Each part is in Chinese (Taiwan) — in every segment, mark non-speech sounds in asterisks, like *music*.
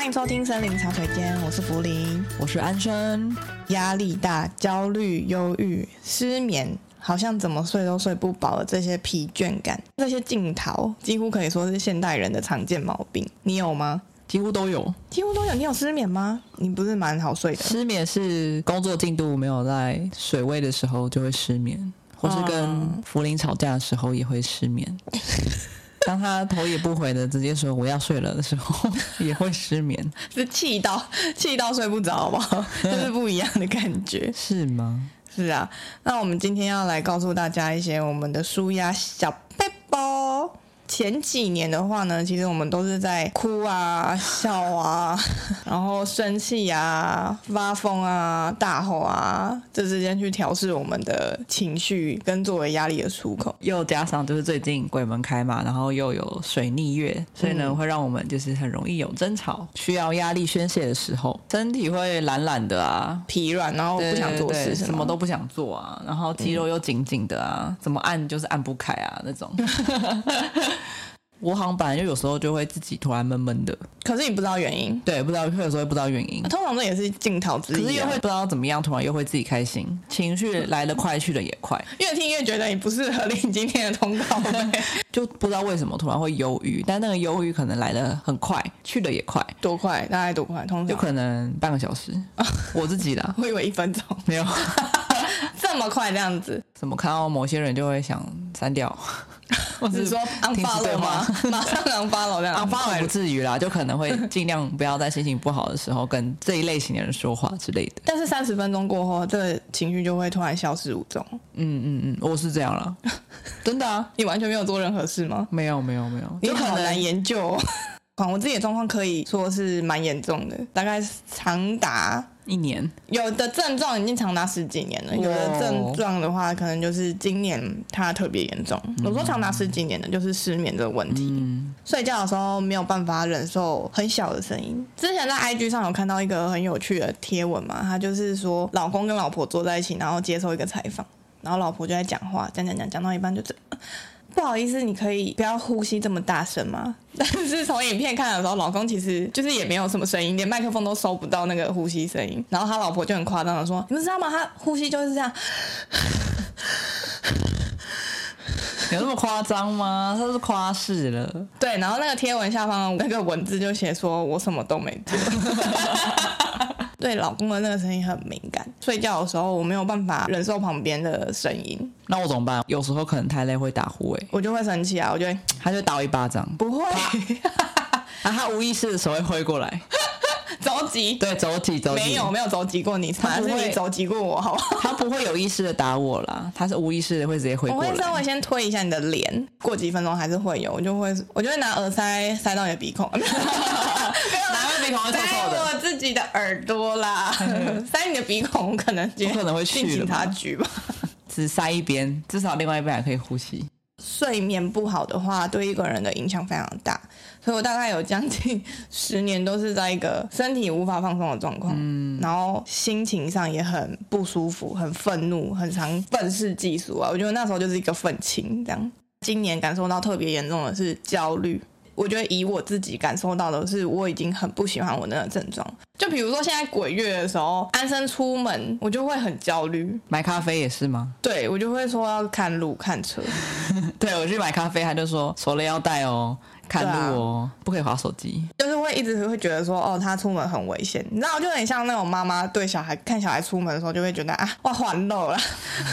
歡迎收聽森林茶水間，我是福林，我是安森。壓力大、焦慮、憂鬱、失眠，好像怎麼睡都睡不飽的這些疲倦感、這些症頭，幾乎可以說是現代人的常見毛病。你有嗎？幾乎都有，幾乎都有。你有失眠嗎？你不是蠻好睡的？失眠是工作進度沒有在水位的時候就會失眠，嗯、或是跟福林吵架的時候也會失眠。 *laughs* 當他頭也不回的直接說我要睡了的時候，也會失眠。是氣到氣到睡不着，好不好？ *laughs* 這是不一樣的感覺。 *laughs* 是嗎？是啊，那我們今天要來告訴大家一些我們的舒壓小撇步。前幾年的話呢，其實我們都是在哭啊、笑啊，然後生氣啊、發瘋啊、大吼啊，這之間去調適我們的情緒，跟作為壓力的出口。又加上就是最近鬼門開嘛，然後又有水逆月，所以呢，會讓我們就是很容易有爭吵，需要壓力宣洩的時候，身體會懶懶的啊，疲軟，然後不想做事是什麼？對對對，什麼都不想做啊，然後肌肉又緊緊的啊，嗯、怎麼按就是按不開啊那種。 *laughs* 我航班就有時候就會自己突然悶悶的，可是你不知道原因，對，不知道，會有時候不知道原因。啊、通常這也是鏡頭之一、啊、可是又會不知道怎麼樣，突然又會自己開心，情緒來得快，對去得也快。越聽越覺得你不適合領今天的通告費， *laughs* 就不知道為什麼突然會憂鬱，但那個憂鬱可能來得很快，去得也快，多快？大概多快？通常就可能半個小時。 *laughs* 我自己的， *laughs* 我以為一分鐘，沒有。 *laughs* 這麼快這樣子，怎麼看到某些人就會想刪掉？我只是說昂 n 了 o 嗎？馬上昂發了。這樣子不至於啦，就可能會儘量不要在心情不好的時候跟這一類型的人說話之類的。但是三十分鐘過後，這個情緒就會突然消失無蹤，嗯。嗯嗯嗯，我是這樣了，真的啊？你完全沒有做任何事嗎？沒有沒有沒有，沒有沒有，你很難研究。哦。 *laughs* 我自己的狀況可以說是蠻嚴重的，大概長達一年。有的症狀已經長達十幾年了，年有的症狀的話，可能就是今年它特別嚴重。嗯、我說長達十幾年的就是失眠這個問題，嗯、睡覺的時候沒有辦法忍受很小的聲音。之前在 IG 上有看到一個很有趣的貼文嘛，他就是說老公跟老婆坐在一起，然後接受一個採訪，然後老婆就在講話，講講講，講到一半就這樣。不好意思，你可以不要呼吸這麼大聲嗎？但是從影片看的時候，老公其實就是也沒有什麼聲音，連麥克風都收不到那個呼吸聲音。然後他老婆就很誇張的說：“你們知道嗎？他呼吸就是這樣，有那麼誇張嗎？”他是誇飾了。對，然後那個貼文下方那個文字就寫說：“我什麼都沒做。 *laughs* ”對，老公的那個聲音很敏感，睡覺的時候我沒有辦法忍受旁邊的聲音。那我怎麼辦？有時候可能太累會打呼，哎，我就會生氣啊，我就會他就會打我一巴掌，不會，它 *laughs* 啊，他無意識的時候會揮過來，着 *laughs* 急，對，着急，着急，沒有沒有着急過你，還是你着急過我，好吧？他不會有意識的打我啦，他是無意識的會直接揮過來。我會稍微先推一下你的臉，過幾分鐘還是會有，我就會我就會拿耳塞塞到你的鼻孔，不要塞到鼻孔臭臭，塞到我自己的耳朵啦， *laughs* 塞你的鼻孔可能有可能會去警察局吧。只塞一邊，至少另外一邊還可以呼吸。睡眠不好的話，對一個人的影響非常大。所以我大概有將近十年都是在一個身體無法放鬆的狀況，嗯、然後心情上也很不舒服，很憤怒，很常憤世嫉俗啊。我覺得那時候就是一個憤青這樣。今年感受到特別嚴重的是焦慮。我覺得以我自己感受到的是，我已經很不喜歡我那個症狀。就比如說現在鬼月的時候，安森出門我就會很焦慮。買咖啡也是嗎？對，我就會說要看路看車。 *laughs* 對我去買咖啡，他就說鎖了要帶哦。看路哦，啊、不可以滑手機。就是會一直會覺得說，哦，他出門很危險，你知道，就很像那種媽媽對小孩看小孩出門的時候，就會覺得啊，哇，環樂了。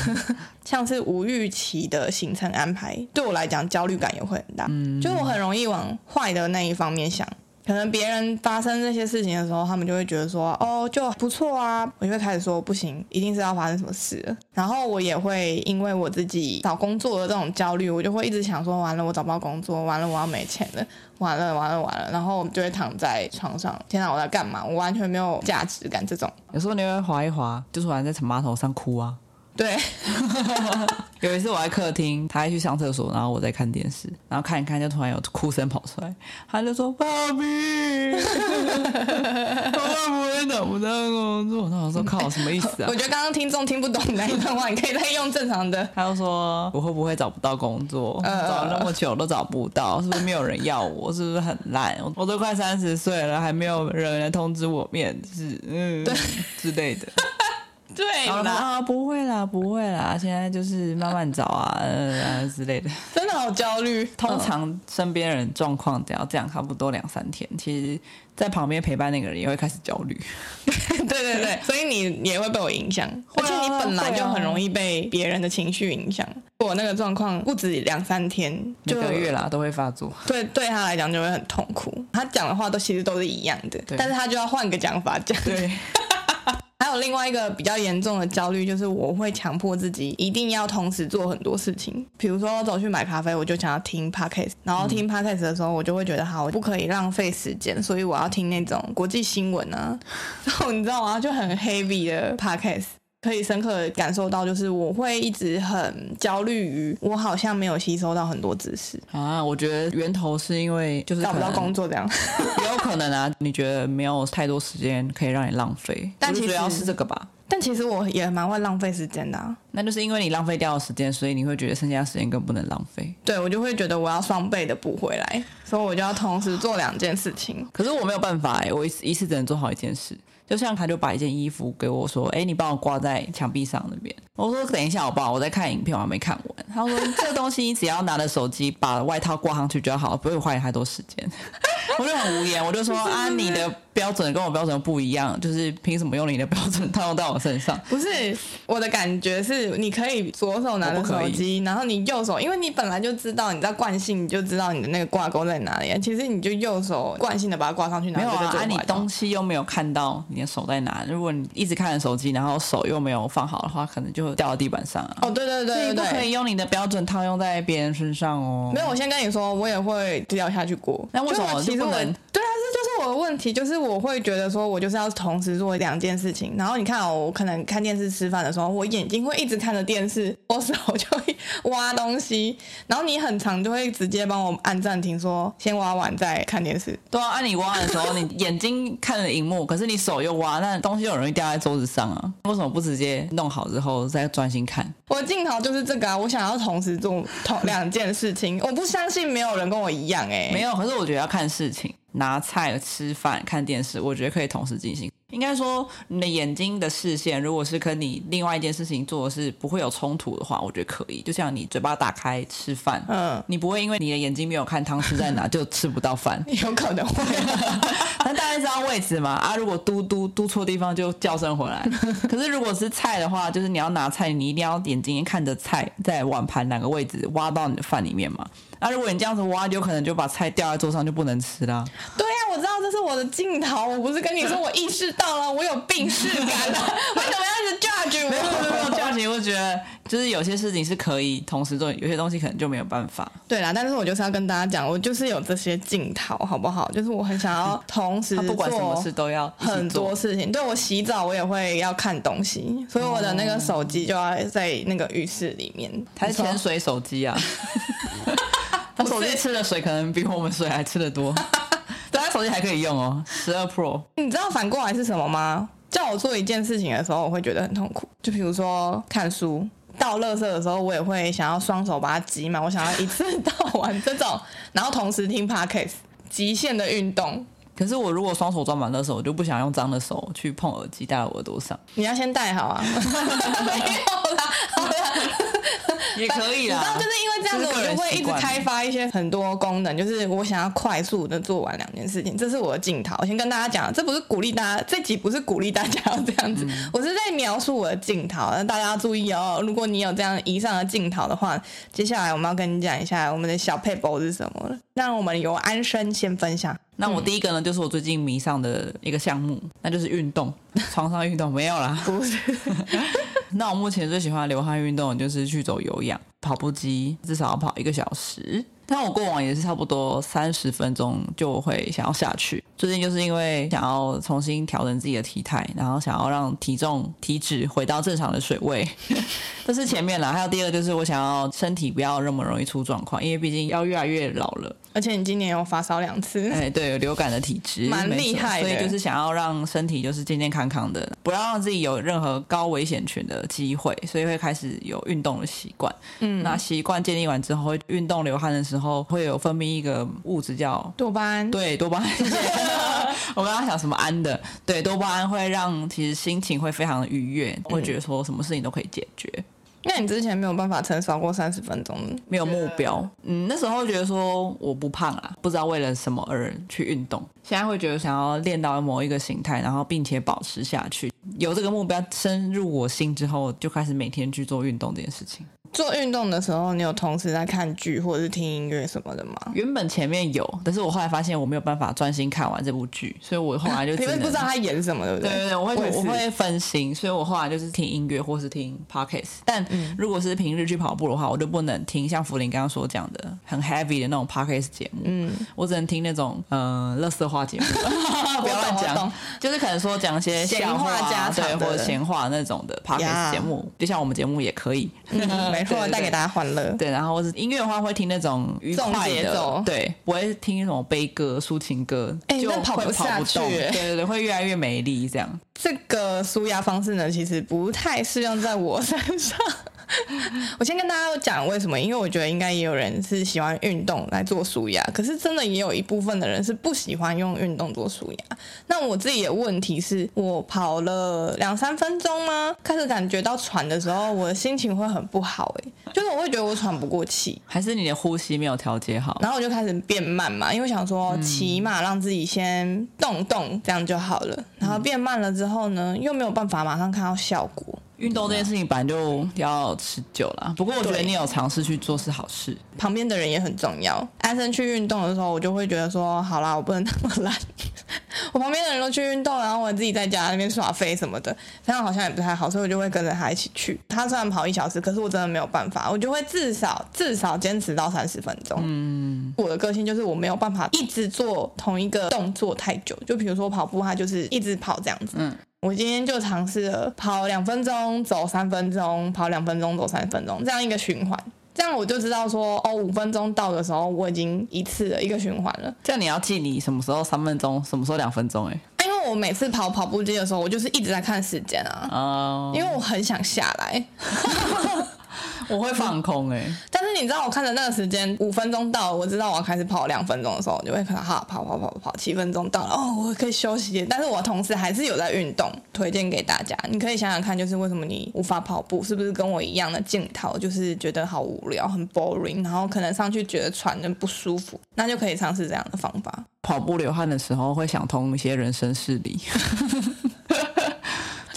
*laughs* 像是無預期的行程安排，對我來講焦慮感也會很大，嗯，就是我很容易往壞的那一方面想。可能別人發生這些事情的時候，他們就會覺得說，哦，就不錯啊，我就會開始說不行，一定是要發生什麼事。然後我也會因為我自己找工作的這種焦慮，我就會一直想說，完了，我找不到工作，完了，我要沒錢了，完了，完了，完了，然後就會躺在床上，天哪，我在幹嘛？我完全沒有價值感這種。有時候你會滑一滑，就是可能在馬桶上哭啊。對， *laughs* *laughs* 有一次我在客廳，他還去上廁所，然後我在看電視，然後看一看就突然有哭聲跑出來，他就說：“爸比， *laughs* 我會不會找不到工作？”他老 *laughs* 說：“靠，什麼意思啊？”我覺得剛剛聽眾聽不懂那一段話，你可以再用正常的。 *laughs* 他就說：“我會不會找不到工作？找了那麼久都找不到，是不是沒有人要我？是不是很爛？我都快三十歲了，還沒有人來通知我面試，嗯，對，之類的。” *laughs* 對啦，啊，不會啦，不會啦，現在就是慢慢找啊，呃、 *laughs* 啊、之類的，真的好焦慮。通常身邊人狀況只要這樣，差不多兩三天，其實在旁邊陪伴那個人也會開始焦慮。 *laughs* 對對對， *laughs* 所以你也會被我影響，而且你本來就很容易被別人的情緒影響。我那個狀況不止兩三天，幾個月啦都會發作。對，對他來講就會很痛苦，他講的話都其實都是一樣的，對但是他就要換個講法講。對還有另外一個比較嚴重的焦慮，就是我會強迫自己一定要同時做很多事情。比如說，我走去買咖啡，我就想要聽 podcast，然後聽 podcast 的時候，我就會覺得哈，我不可以浪費時間，所以我要聽那種國際新聞啊。然後 *laughs* 你知道嗎？就很 heavy 的 podcast。可以深刻感受到，就是我會一直很焦慮於我好像沒有吸收到很多知識啊。我覺得源頭是因為就是找不到工作這樣，也有可能啊。你覺得沒有太多時間可以讓你浪費，但其實主要是這個吧。但其實我也蠻會浪費時間的，啊，那就是因為你浪費掉的時間，所以你會覺得剩下的時間更不能浪費。對，我就會覺得我要雙倍的補回來，所以我就要同時做兩件事情。可是我沒有辦法，欸，我一次一次只能做好一件事。就像他就把一件衣服給我說，哎、欸，你幫我掛在牆壁上那邊。我說等一下好不好？我在看影片，我還沒看完。他說這個東西你只要拿着手機把外套掛上去就好，不會花你太多時間。我就很無言，我就說啊，你的。標準跟我標準不一樣，就是憑什麼用你的標準套用到我身上？不是，我的感覺是，你可以左手拿着手機，然後你右手，因為你本來就知道你在慣性，你就知道你的那個掛鈎在哪裡。啊，其實你就右手慣性的把它掛上去哪，沒有啊？啊你東西又沒有看到你的手在哪。如果你一直看着手機，然後手又沒有放好的話，可能就會掉到地板上啊。哦，對對對對對，所以不可以用你的標準套用在別人身上哦。沒有，我先跟你說，我也會掉下去過。那為什麼其實我不能？對啊，這就是我的問題，就是我。我會覺得說，我就是要同時做兩件事情。然後你看、哦，我可能看電視吃飯的時候，我眼睛會一直看着電視，我手就會挖東西。然後你很常就會直接幫我按暫停說，說先挖完再看電視。對、啊，按、啊、你挖完的時候， *laughs* 你眼睛看着熒幕，可是你手又挖，那東西很容易掉在桌子上啊。為什麼不直接弄好之後再專心看？我鏡頭就是這個啊，我想要同時做同兩件事情， *laughs* 我不相信沒有人跟我一樣誒、欸，沒有，可是我覺得要看事情，拿菜吃飯看電視，我覺得可以同時進行。應該說，你的眼睛的視線，如果是跟你另外一件事情做的是不會有衝突的話，我覺得可以。就像你嘴巴打開吃飯，嗯，你不會因為你的眼睛沒有看湯匙在哪就吃不到飯。 *laughs* 有可能會，那 *laughs* 大家知道位置嘛，啊，如果嘟嘟嘟錯地方就叫聲回來。 *laughs* 可是如果是菜的話，就是你要拿菜，你一定要眼睛看着菜在碗盤哪個位置，挖到你的飯裡面嘛。那、啊、如果你這樣子挖，就可能就把菜掉在桌上，就不能吃了。對呀、啊，我知道這是我的鏡頭，我不是跟你說我意識到了，我有病識感、啊， *laughs* *laughs* 為什麼要一直 judge 我？沒有沒有 judge，我覺得就是有些事情是可以同時做，有些東西可能就沒有辦法。對啦、啊，但是我就是要跟大家講，我就是有這些鏡頭，好不好？就是我很想要同時做，不管什麼事都要很多事情。對我洗澡，我也會要看東西，所以我的那個手機就要在那個浴室裡面。它是潛水手機啊。 *laughs* 他手機吃的水是可能比我們水還吃的多，對 *laughs* 他手機還可以用哦，十二 Pro。你知道反過來是什麼嗎？叫我做一件事情的時候，我會覺得很痛苦。就比如說看書倒樂色的時候，我也會想要雙手把它擠滿，我想要一次倒完這種， *laughs* 然後同時聽 Podcast，極限的運動。可是我如果雙手裝滿的時候，我就不想用髒的手去碰耳機戴在我耳朵上。你要先戴好啊！沒 *laughs* 有啦。好了。也可以啊，知道，就是因為這樣子，我就會一直開發一些很多功能，就是我想要快速的做完兩件事情，這是我的鏡頭。先跟大家講，這不是鼓勵大家，這集不是鼓勵大家要這樣子，嗯、我是在描述我的鏡頭。那大家要注意哦，如果你有這樣以上的鏡頭的話，接下來我們要跟你講一下我們的小撇步是什麼。那我們由安森先分享。那我第一個呢，就是我最近迷上的一個項目，那就是運動。床上運動，沒有啦，是 *laughs* 那我目前最喜歡流汗運動就是去走有氧跑步機，至少要跑一個小時。但我過往也是差不多三十分鐘就會想要下去。最近就是因為想要重新調整自己的體態，然後想要讓體重體脂回到正常的水位。這 *laughs* 是前面啦，還有第二，就是我想要身體不要那麼容易出狀況，因為畢竟要越來越老了。而且你今年有發燒兩次，哎，欸、對，有流感的體質蠻厲害的，所以就是想要讓身體就是健健康康的，不要讓自己有任何高危險群的機會，所以會開始有運動的習慣。嗯，那習慣建立完之後，運動流汗的時候，會有分泌一個物質叫多巴胺，對，多巴胺。 *laughs* 我剛剛想什麼安的，對，多巴胺會讓其實心情會非常的愉悅，嗯、會覺得說什麼事情都可以解決。因為你之前沒有辦法撐超過三十分鐘，沒有目標，是嗯，那時候覺得說我不胖啊，不知道為了什麼而去運動。現在會覺得想要練到某一個形態，然後並且保持下去，有這個目標深入我心之後，就開始每天去做運動這件事情。做運動的時候，你有同時在看劇或者是聽音樂什麼的嗎？原本前面有，但是我後來發現我沒有辦法專心看完這部劇，所以我後來就。因為不知道他演什麼，對不對？對,對,對我會我,我會分心，所以我後來就是聽音樂或者是聽 podcast 但如果是平日去跑步的話，我就不能聽像福林剛剛所講的很 heavy 的那種 podcast 節目，嗯，我只能聽那種嗯，呃，垃圾話節目， *laughs* 不要亂講，就是可能說講一些閒話，家常，對，或者閒話那種的 podcast, Yeah . 節目，就像我們節目也可以。 *laughs* *laughs* 然後帶給大家歡樂，對。然後我是音樂的話，會聽那種節奏的，重重對，不會聽那種悲歌、抒情歌，哎、欸，就跑不下去跑不動。對對對，會越來越美麗這樣。這個舒壓方式呢，其實不太適用在我身上。 *laughs* *laughs* 我先跟大家講為什麼，因為我覺得應該也有人是喜歡運動來做舒壓，可是真的也有一部分的人是不喜歡用運動做舒壓。那我自己的問題是我跑了兩三分鐘嗎？開始感覺到喘的時候，我的心情會很不好，哎，就是我會覺得我喘不過氣，還是你的呼吸沒有調節好，然後我就開始變慢嘛，因為想說起碼讓自己先動動這樣就好了。然後變慢了之後呢，又沒有辦法馬上看到效果。運動這件事情本來就要持久了，不過我覺得你有嘗試去做是好事。旁邊的人也很重要。安森去運動的時候，我就會覺得說：好啦，我不能那麼懶。我旁邊的人都去運動，然後我自己在家那邊耍廢什麼的，這樣好像也不太好，所以我就會跟着他一起去。他雖然跑一小時，可是我真的沒有辦法，我就會至少至少堅持到三十分鐘。嗯，我的個性就是我沒有辦法一直做同一個動作太久。就比如說跑步，他就是一直跑這樣子。嗯。我今天就嘗試了跑兩分鐘，走三分鐘，跑兩分鐘，走三分鐘，這樣一個循環。這樣我就知道說，哦，五分鐘到的時候，我已經一次了一個循環了。這樣你要記你什麼時候三分鐘，什麼時候兩分鐘、欸？哎、啊，因為我每次跑跑步機的時候，我就是一直在看時間啊，uh、因為我很想下來。 *laughs* 我會放空哎、欸，但是你知道我看的那個時間五分鐘到了，我知道我要開始跑兩分鐘的時候，我就會可能哈跑跑跑跑，七分鐘到了哦，我可以休息。但是我同時還是有在運動，推薦給大家。你可以想想看，就是為什麼你無法跑步，是不是跟我一樣的鏡頭，就是覺得好無聊，很 boring，然後可能上去覺得喘的不舒服，那就可以嘗試這樣的方法。跑步流汗的時候會想通一些人生事理。 *laughs*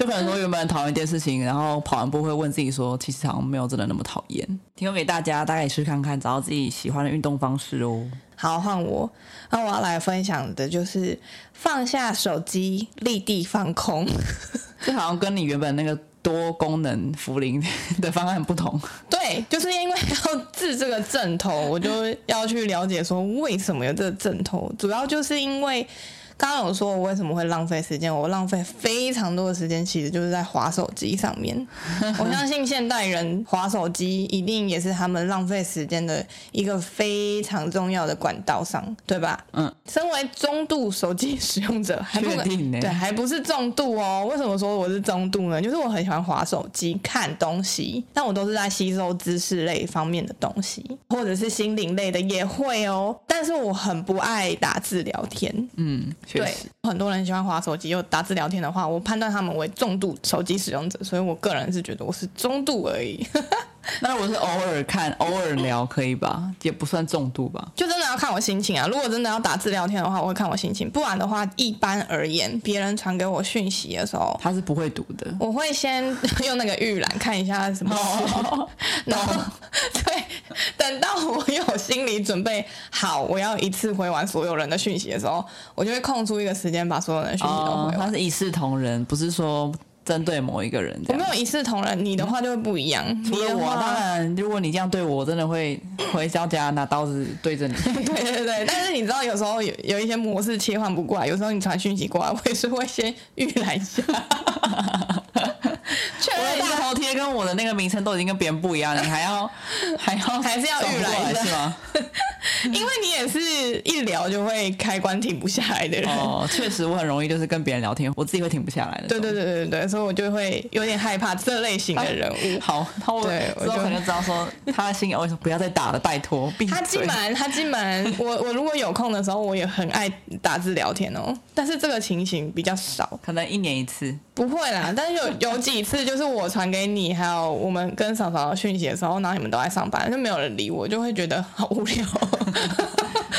就可能說原本討厭一件事情，然後跑完步會問自己說，其實好像沒有真的那麼討厭。提供給大家，大家可以去看看，找到自己喜歡的運動方式哦。好，換我，那我要來分享的就是放下手機，立地放空。 *laughs* 這好像跟你原本那個多功能福林的方案不同。對，就是因為要治這個枕頭，我就要去了解說為什麼有這個枕頭，主要就是因為。剛剛有說我為什麼會浪費時間？我浪費非常多的時間，其實就是在滑手機上面。 *laughs* 我相信現代人滑手機一定也是他們浪費時間的一個非常重要的管道上，對吧？嗯，身為中度手機使用者，還不一定呢。對，欸、還不是重度哦、喔。為什麼說我是中度呢？就是我很喜歡滑手機看東西，但我都是在吸收知識類方面的東西，或者是心靈類的也會哦、喔。但是我很不愛打字聊天。嗯。對，很多人喜歡滑手機又打字聊天的話，我判斷他們為重度手機使用者，所以我個人是覺得我是中度而已。 *laughs* 那我是偶爾看、 *laughs* 偶爾聊，可以吧？也不算重度吧。就真的要看我心情啊！如果真的要打字聊天的話，我會看我心情。不然的話，一般而言，別人傳給我訊息的時候，他是不會讀的。我會先用那個預覽看一下什麼， *laughs* 哦、然後 *laughs* *laughs* 對，等到我有心理準備好，我要一次回完所有人的訊息的時候，我就會空出一個時間，把所有人的訊息都回、哦。他是一視同仁，不是說。針對某一個人，我沒有一視同仁。你的話就會不一樣。嗯、我當然，如果你這樣對我，我真的會回老家拿刀子對着你。 *laughs* 對對對，但是你知道，有時候有有一些模式切換不過來，有時候你傳訊息過來，我也是會先預覽一下。 *laughs* 確我的大頭貼跟我的那個名稱都已經跟別人不一樣了，你還要還要還是要預過來是嗎？因為你也是一聊就會開關停不下來的人哦。確實，我很容易就是跟別人聊天，我自己會停不下來的。對對對對對，所以我就會有點害怕這類型的人物。啊、好，然後我就對可能就知道說他的心，我為什麼不要再打了？拜托，他今晚他今晚， *laughs* 我我如果有空的時候，我也很愛打字聊天哦。但是這個情形比較少，可能一年一次。不會啦，但是有有幾次就。就是我傳給你，還有我們跟嫂嫂訊息的時候，然後你們都在上班，就沒有人理我，就會覺得好無聊。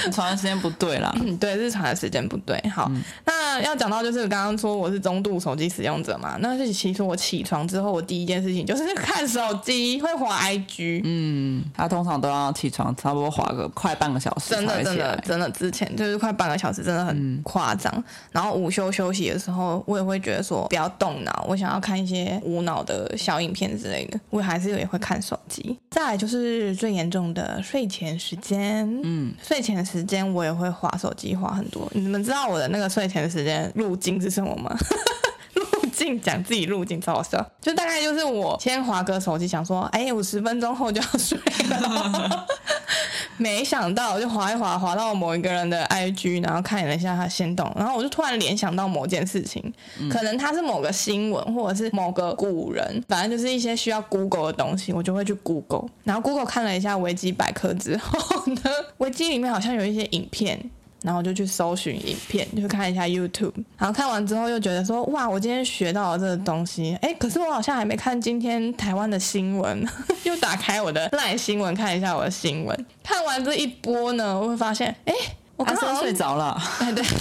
傳 *laughs* *laughs* 的時間不對啦。嗯，對，是傳的時間不對。好，嗯、那要講到就是剛剛說我是中度手機使用者嘛，那是其實我起床之後，我第一件事情就是看手機，會滑 IG。嗯，他、啊、通常都要起床差不多滑個快半個小時，真、真的真的真的，之前就是快半個小時，真的很誇張。嗯、然後午休休息的時候，我也會覺得說不要動腦，我想要看一些我。腦的小影片之類的，我還是也會看手機。再來就是最嚴重的睡前時間，嗯，睡前的時間我也會滑手機滑很多。你們知道我的那個睡前的時間路徑是什麼嗎？ *laughs* 路徑講自己路徑，超好笑。就大概就是我先滑個手機想說，哎、欸，五十分鐘後就要睡了。 *laughs* 沒想到我就滑一滑，滑到某一個人的 IG，然後看了一下他限動，然後我就突然聯想到某件事情，嗯、可能他是某個新聞，或者是某個古人，反正就是一些需要 Google 的東西，我就會去 Google。然後 Google 看了一下維基百科之後呢，維基裡面好像有一些影片。然後就去搜尋影片，就看一下 YouTube。然後看完之後又覺得說：“哇，我今天學到了這個東西。”哎，可是我好像還沒看今天台灣的新聞， *laughs* 又打開我的 LINE 新聞，看一下我的新聞。看完這一波呢，我會發現，哎，我剛剛睡着了。哎、啊，對。 *laughs*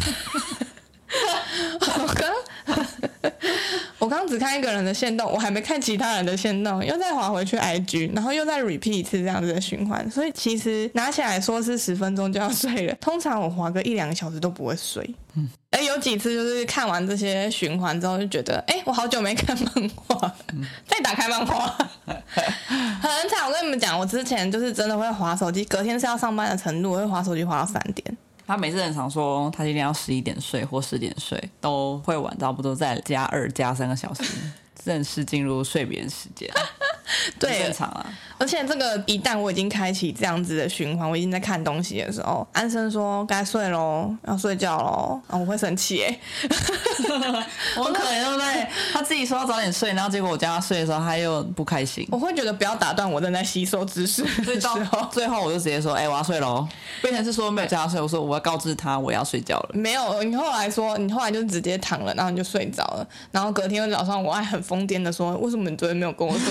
*laughs* 我剛，我剛只看一個人的限動，我還沒看其他人的限動，又再滑回去 IG，然後又再 repeat 一次這樣子的循環，所以其實拿起來說是十分鐘就要睡了，通常我滑個一兩個小時都不會睡，嗯，哎，有幾次就是看完這些循環之後就覺得，哎，我好久沒看漫畫，再打開漫畫，嗯、很慘，我跟你們講，我之前就是真的會滑手機，隔天是要上班的程度，我會滑手機滑到三點。他每次很常說，他今天要十一點睡或十點睡，都會晚差不多再加二加三個小時，正式進入睡眠時間。 *laughs* 對，常常啊、而且這個一旦我已經開啟這樣子的循環，我已經在看東西的時候，安森說該睡嘍，要睡覺嘍，啊我會生氣哎， *laughs* 我可能對不對？ *laughs* 他自己說要早點睡，然後結果我叫他睡的時候他又不開心，我會覺得不要打斷我正在吸收知識，最後到最後我就直接說哎、欸、我要睡嘍，變成是說沒有叫他睡，對我說我要告知他我要睡覺了，沒有你後來說你後來就直接躺了，然後你就睡着了，然後隔天早上我還很瘋癲的說，為什麼你昨天沒有跟我說。 *laughs*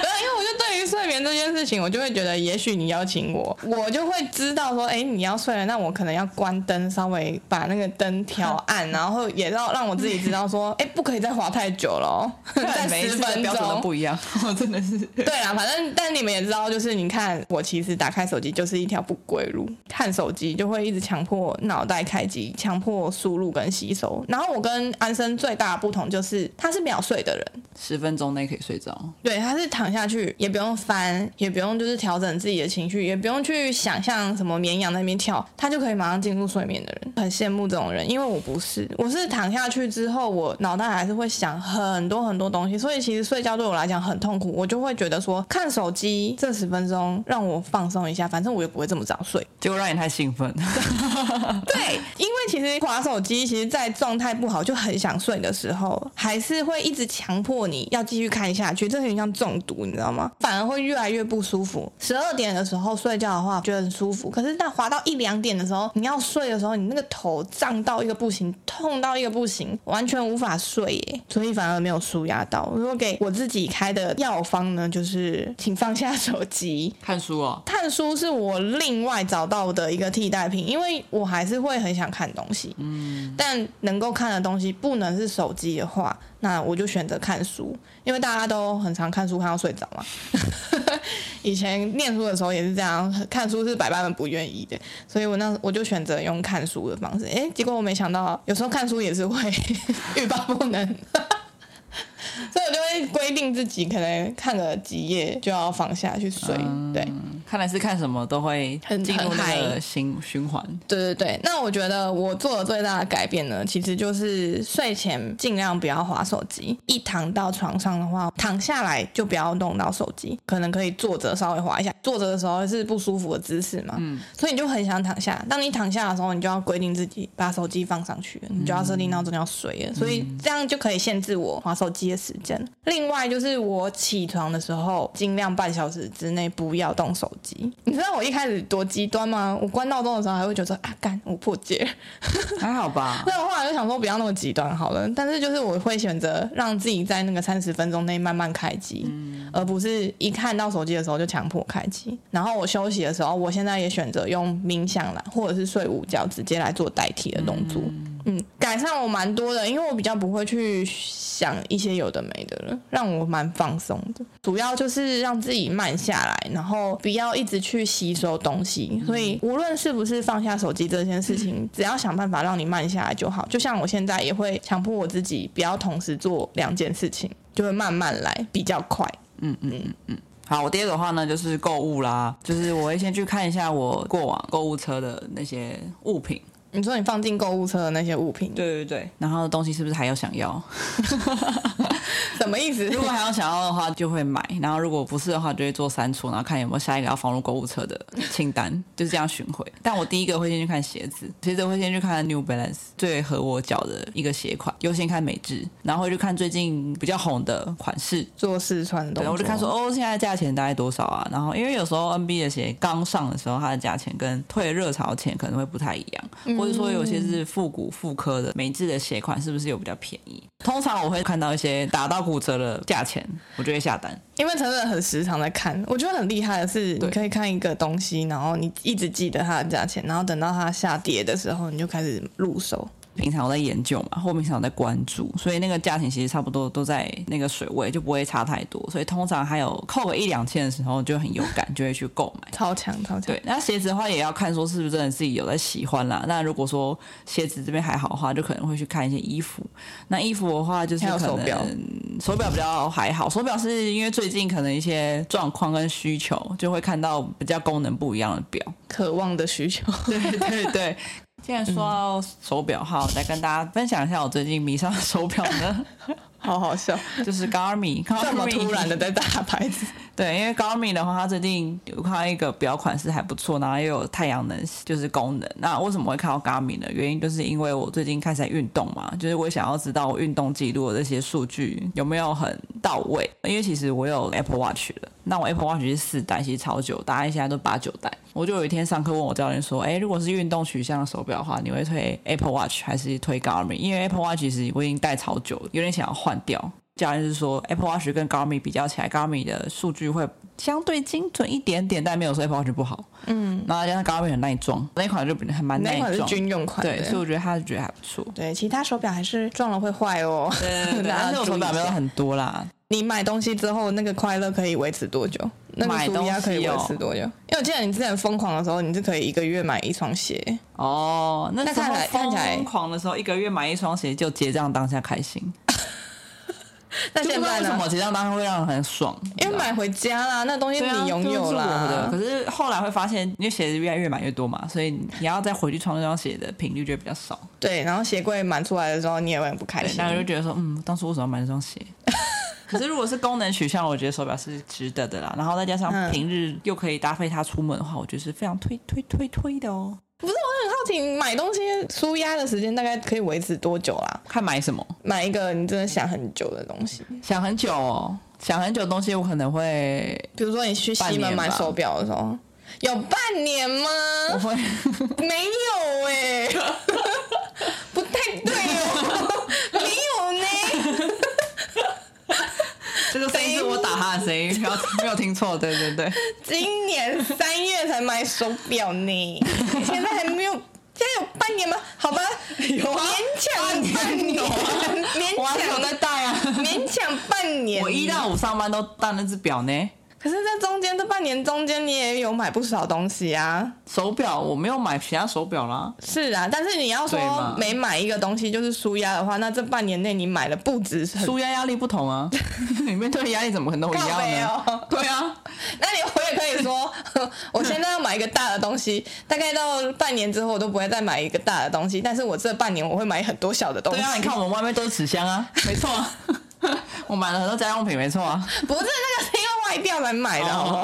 睡眠這件事情，我就會覺得，也許你邀請我，我就會知道說，哎，你要睡了，那我可能要關燈，稍微把那個燈調暗，然後也要讓，讓我自己知道說，哎，不可以再滑太久了，但每一分鐘都不一樣，真的是。對啦，反正但你們也知道，就是你看我其實打開手機就是一條不歸路，看手機就會一直強迫腦袋開機，強迫輸入跟吸收。然後我跟安森最大的不同就是，他是秒睡的人，十分鐘內可以睡着。對，他是躺下去也不用。也不用就是調整自己的情緒，也不用去想象什麼綿羊在那邊跳，他就可以馬上進入睡眠的人，很羨慕這種人，因為我不是，我是躺下去之後，我腦袋還是會想很多很多東西，所以其實睡覺對我來講很痛苦，我就會覺得說看手機這十分鐘讓我放鬆一下，反正我也不會這麼早睡，結果讓你太興奮， *laughs* *laughs* 對，因為其實滑手機，其實，在狀態不好就很想睡的時候，還是會一直強迫你要繼續看下去，這是很像中毒，你知道嗎？反而會。越來越不舒服。十二點的時候睡覺的話，覺得很舒服。可是，但滑到一兩點的時候，你要睡的時候，你那個頭脹到一個不行，痛到一個不行，完全無法睡耶。所以反而沒有紓壓到。如果給我自己開的藥方呢，就是請放下手機，看書哦。看書是我另外找到的一個替代品，因為我還是會很想看東西。嗯，但能夠看的東西不能是手機的話。那我就選擇看書，因為大家都很常看書，看到睡着嘛。 *laughs* 以前念書的時候也是這樣，看書是百般不不願意的，所以我那我就選擇用看書的方式。誒、欸，結果我沒想到，有時候看書也是會欲罷 *laughs* 不能。 *laughs* *laughs* 所以，我就會規定自己，可能看了幾頁就要放下去睡。嗯、對，看來是看什麼都會很進入那個新開循環。對對對。那我覺得我做的最大的改變呢，其實就是睡前儘量不要滑手機。一躺到床上的話，躺下來就不要弄到手機，可能可以坐着稍微滑一下。坐着的時候是不舒服的姿勢嘛。嗯。所以你就很想躺下。當你躺下的時候，你就要規定自己把手機放上去、嗯、你就要設定鬧鐘要睡了。所以這樣就可以限制我滑手機的時候。時間。另外就是我起床的時候，盡量半小時之內不要動手機。你知道我一開始多極端嗎？我關鬧鐘的時候還會覺得啊，幹我破戒，還好吧？那 *laughs* 我後來就想說，不要那麼極端好了。但是就是我會選擇讓自己在那個三十分鐘內慢慢開機，而不是一看到手機的時候就強迫開機。然後我休息的時候，我現在也選擇用冥想來，或者是睡午覺，直接來做代替的動作、嗯。嗯嗯，改善我蠻多的，因為我比較不會去想一些有的沒的了，讓我蠻放鬆的。主要就是讓自己慢下來，然後不要一直去吸收東西。所以無論是不是放下手機這件事情，只要想辦法讓你慢下來就好。就像我現在也會強迫我自己，不要同時做兩件事情，就會慢慢來，比較快。嗯嗯嗯嗯，好，我第二個話呢，就是購物啦，就是我會先去看一下我過往購物車的那些物品。你說你放進購物車的那些物品，對對對，然後東西是不是還要想要？ *laughs* 什麼意思？如果還要想要的話，就會買；然後如果不是的話，就會做刪除，然後看有沒有下一個要放入購物車的清單， *laughs* 就是這樣循環。但我第一個會先去看鞋子，鞋子會先去看 New Balance 最合我腳的一個鞋款，優先看美制，然後就看最近比較紅的款式做試穿的。對，我就看說哦，現在價錢大概多少啊？然後因為有時候 NB 的鞋剛上的時候，它的價錢跟退的熱潮前可能會不太一樣。嗯或者說有些是復古復刻的，美制的鞋款是不是有比較便宜？通常我會看到一些打到骨折的價錢，我就會下單。因為成人很時常在看，我覺得很厲害的是，你可以看一個東西，然後你一直記得它的價錢，然後等到它下跌的時候，你就開始入手。平常我在研究嘛，或平常在關注，所以那個價錢其實差不多都在那個水位，就不會差太多。所以通常還有扣個一兩千的時候就很有感，就會去購買。超強，超強。對，那鞋子的話也要看說是不是真的自己有在喜歡啦。那如果說鞋子這邊還好的話，就可能會去看一些衣服。那衣服的話就是手錶，手錶比較還好，手錶是因為最近可能一些狀況跟需求，就會看到比較功能不一樣的錶，渴望的需求。對對對。 *laughs* 既然說到手錶哈，我、嗯、再跟大家分享一下我最近迷上的手錶的， *laughs* 好好笑，就是 Garmin，這麼突然的在大牌子。 *laughs* 對，因為 Garmin 的話，他最近我看一個表款式，還不錯，然後又有太陽能，就是功能。那為什麼會看到 Garmin 呢？原因就是因為我最近開始在運動嘛，就是我想要知道我運動記錄的這些數據有沒有很到位。因為其實我有 Apple Watch 了，那我 Apple Watch 是四代，其實超久，大家現在都八九代。我就有一天上課問我教練說，哎，如果是運動取向的手錶的話，你會推 Apple Watch 還是推 Garmin？因為 Apple Watch 其實我已經戴超久，有點想要換掉。講就是說，Apple Watch 跟 g a r m i 比較起來 g a r m i 的數據會相對精準一點點，但沒有說 Apple Watch 不好。嗯，那加上 g a r m i 很耐撞，那款就很蠻耐撞。那款是軍用款，對，所以我覺得它就覺得還不錯。對，其他手表還是撞了會壞哦。對，而且我從打表很多啦。你買東西之後，那個快樂可以維持多久？買東西可以維持多久？哦、因為記得你之前瘋狂的時候，你就可以一個月買一雙鞋哦。那看來看起來瘋狂的時候，一個月買一雙鞋就結賬，當下開心。但現在呢，為什麼？其實當然會讓人很爽，因為買回家啦，那東西你擁有啦、啊就是。可是後來會發現，因為鞋子越來越買越多嘛，所以你要再回去穿那雙鞋的頻率就會比較少。對，然後鞋櫃滿出來的時候，你也完不開心，然後就覺得說，嗯，當初我怎麼買那雙鞋？ *laughs* 可是如果是功能取向，我覺得手錶是值得的啦。然後再加上平日又可以搭配它出門的話，我覺得是非常推推推推的哦。到底買東西舒壓的時間大概可以維持多久啦？看買什麼。買一個你真的想很久的東西，想很久哦，想很久的東西，我可能會。比如說你去西門買手表的時候，有半年嗎？不會，沒有哎、欸， *laughs* *laughs* 不太對哦， *laughs* *laughs* 沒有呢。 *laughs* 這個聲音是我打他的聲音，沒有聽錯，對對對。今年三月才買手表呢， *laughs* 現在還沒有。現在有半年嗎？好吧，有啊，勉強半年，勉強在帶啊，勉強半年啊。我一到五上班都戴那只表呢。可是，在中間這半年中間，你也有買不少東西啊。手錶，我沒有買其他手錶啦。是啊，但是你要說每買一個東西就是舒壓的話，嘛那這半年內你買了不止。舒壓壓力不同啊，你 *laughs* 面對的壓力怎麼可能都一樣呢？沒有，對啊，那你我也可以說， *laughs* 我現在要買一個大的東西， *laughs* 大概到半年之後我都不會再買一個大的東西，但是我這半年我會買很多小的東西。對啊，你看我們外面都是紙箱啊， *laughs* 沒錯啊。我買了很多家用品，沒錯、啊，不是那個是因為外調才買的、喔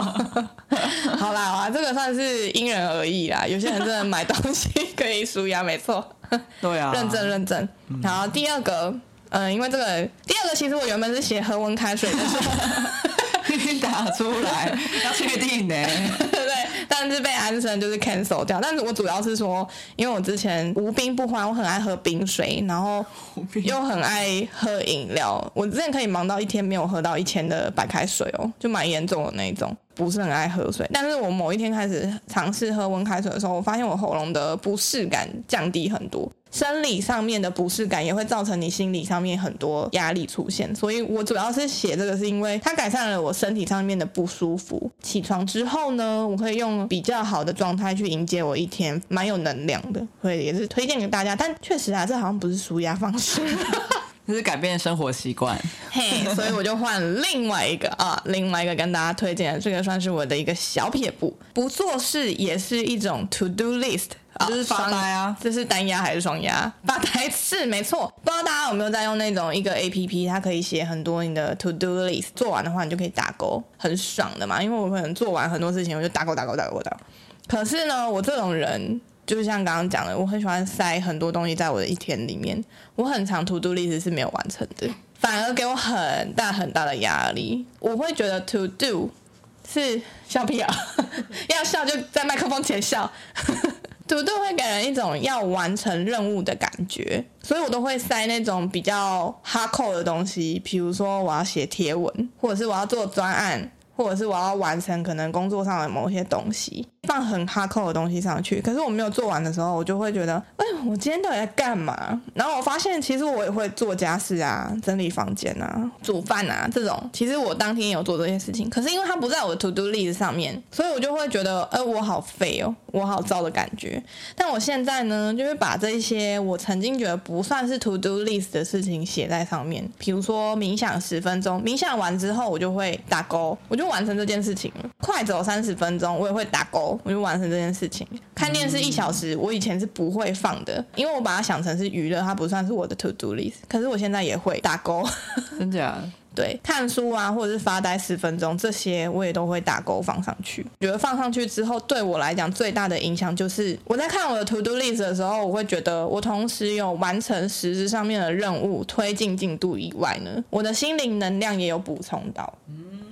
oh. *laughs* 好，好啦好啦，這個算是因人而異啦，有些人真的買東西可以紓壓，沒錯， *laughs* 對啊，認真認真。然後、嗯、第二個，嗯、呃，因為這個第二個，其實我原本是寫喝溫開水，的， *laughs* *laughs* 你打出來，要確定呢。 *laughs* 但是被安森就是 cancel 掉，但是我主要是說，因為我之前無冰不歡，我很愛喝冰水，然後又很愛喝飲料，我之前可以忙到一天沒有喝到一千的白開水哦、喔，就蠻嚴重的那一種。不是很愛喝水，但是我某一天開始嘗試喝溫開水的時候，我發現我喉嚨的不適感降低很多，生理上面的不適感也會造成你心理上面很多壓力出現。所以我主要是寫這個，是因為它改善了我身體上面的不舒服。起床之後呢，我可以用比較好的狀態去迎接我一天，蠻有能量的，所以也是推薦給大家。但確實啊，這好像不是紓壓方式。 *laughs* 就是改變生活習慣，嘿，hey, 所以我就換另外一個 *laughs* 啊，另外一個跟大家推薦，這個算是我的一個小撇步，不做事也是一種 to do list，哦，就是雙發呆啊，這是單押還是雙押？發呆是沒錯，不知道大家有沒有在用那種一個 A P P，它可以寫很多你的 to do list，做完的話你就可以打勾，很爽的嘛，因為我可能做完很多事情，我就打勾打勾打勾打勾打勾。可是呢，我這種人。就像剛剛講的，我很喜歡塞很多東西在我的一天裡面。我很常 to do list 是沒有完成的，反而給我很大很大的壓力。我會覺得 to do 是笑屁啊？ *laughs* 要笑就在麥克風前笑。 *laughs* to do 會給人一種要完成任務的感覺，所以我都會塞那種比較 hard core 的東西，比如說我要寫貼文，或者是我要做專案，或者是我要完成可能工作上的某些東西。放很哈扣的東西上去，可是我沒有做完的時候，我就會覺得，哎、欸，我今天到底在幹嘛？然後我發現，其實我也會做家事啊，整理房間啊，煮飯啊這種，其實我當天也有做這些事情，可是因為它不在我的 to do list 上面，所以我就會覺得，哎、欸，我好廢哦、喔，我好糟的感覺。但我現在呢，就是把這些我曾經覺得不算是 to do list 的事情寫在上面，比如說冥想十分鐘，冥想完之後我就會打勾，我就完成這件事情。快走三十分鐘，我也會打勾。我就完成這件事情。看電視一小時，我以前是不會放的，因為我把它想成是娛樂，它不算是我的 to do list。可是我現在也會打勾。真的啊？對，看書啊，或者是發呆十分鐘，這些我也都會打勾放上去。我覺得放上去之後，對我來講最大的影響就是，我在看我的 to do list 的時候，我會覺得我同時有完成實質上面的任務，推進進度以外呢，我的心靈能量也有補充到。嗯。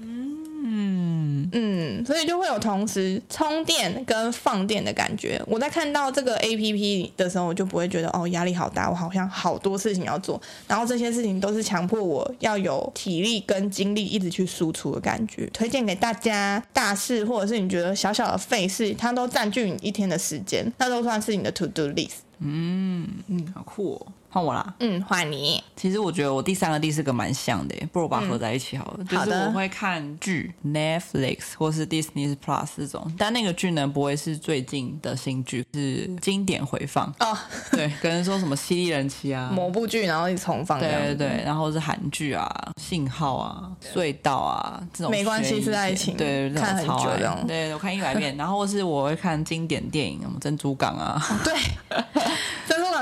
嗯嗯，所以就會有同時充電跟放電的感覺。我在看到這個 A P P 的時候，我就不會覺得哦壓力好大，我好像好多事情要做，然後這些事情都是強迫我要有體力跟精力一直去輸出的感覺。推薦給大家，大事或者是你覺得小小的費事，它都佔據你一天的時間，那都算是你的 To Do List。嗯嗯，好酷、哦。換我啦，嗯，換你。其實我覺得我第三個、第四個蠻像的耶，不如把它合在一起好了。好的，就是我會看劇，Netflix 或是 Disney Plus 這種，但那個劇呢不會是最近的新劇，是經典回放哦，對，可能說什麼犀利人妻啊，某部劇然後一直重放，對對對。然後是韓劇啊，信號啊，隧道啊這種。沒關係，是愛情，對，看很久這樣，對，我看一百遍。然後是我會看經典電影，什麼《珍珠港》啊，對。